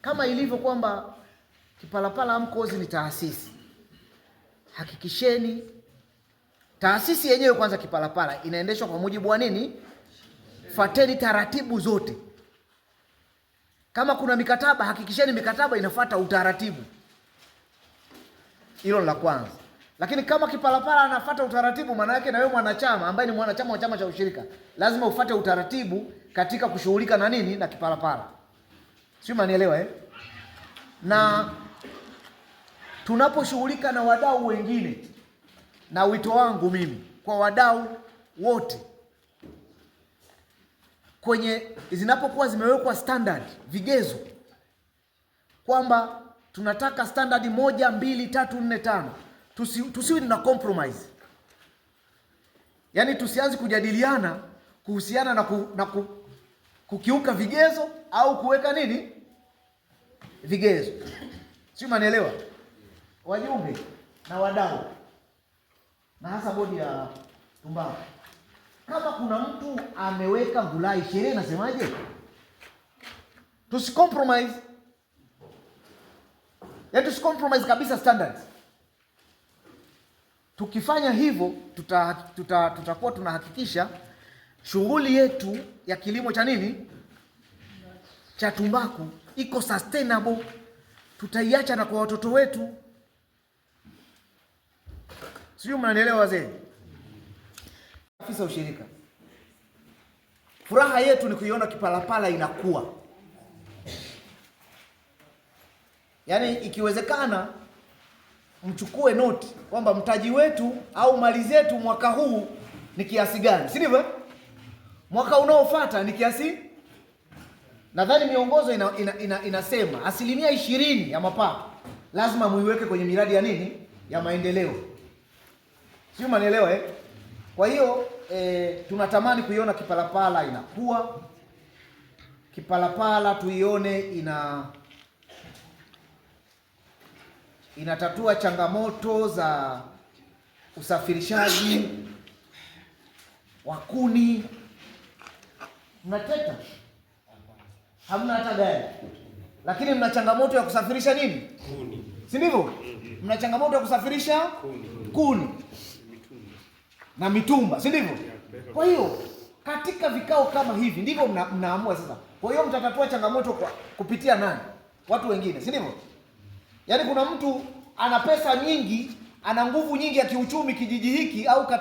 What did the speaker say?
Kama ilivyo kwamba Kipalapala amkozi ni taasisi, hakikisheni taasisi yenyewe kwanza Kipalapala inaendeshwa kwa mujibu wa nini? Fateni taratibu zote. Kama kuna mikataba, hakikisheni mikataba inafata utaratibu. Hilo la kwanza. Lakini kama Kipalapala anafata utaratibu, maana yake na wewe mwanachama ambaye ni mwanachama wa chama cha ushirika lazima ufate utaratibu katika kushughulika na nini na Kipalapala si manielewa eh? Na tunaposhughulika na wadau wengine, na wito wangu mimi kwa wadau wote kwenye zinapokuwa zimewekwa standard vigezo kwamba tunataka standard moja mbili tatu nne tano, tusiwe tusi na compromise, yaani tusianze kujadiliana kuhusiana na, ku, na ku, kukiuka vigezo au kuweka nini vigezo, sio manielewa, wajumbe na wadau na hasa bodi ya tumbaku. Kama kuna mtu ameweka ngulai, sheria inasemaje? Tusicompromise, ya tusicompromise kabisa standards. Tukifanya hivyo tuta, tuta, tutakuwa tunahakikisha shughuli yetu ya kilimo cha nini cha tumbaku iko sustainable, tutaiacha na kwa watoto wetu. Sijui mnanielewa wazee. Afisa ushirika, furaha yetu ni kuiona Kipalapala inakuwa, yaani ikiwezekana mchukue noti kwamba mtaji wetu au mali zetu mwaka huu ni kiasi gani, si ndivyo? Eh? Mwaka unaofuata ni kiasi Nadhani miongozo ina, ina, ina, inasema asilimia ishirini ya mapato lazima muiweke kwenye miradi ya nini ya maendeleo, sio manielewa eh? Kwa hiyo eh, tunatamani kuiona Kipalapala inakuwa Kipalapala tuione ina inatatua changamoto za usafirishaji wa kuni mnateta hamna hata gari, lakini mna changamoto ya kusafirisha nini? Kuni, si ndivyo? Mhm. Mna changamoto ya kusafirisha kuni, kuni na mitumba, si ndivyo? Kwa hiyo katika vikao kama hivi ndivyo mna, mnaamua sasa. Kwa hiyo mtatatua changamoto kwa kupitia nani? Watu wengine, si ndivyo? Yaani kuna mtu ana pesa nyingi, ana nguvu nyingi ya kiuchumi kijiji hiki au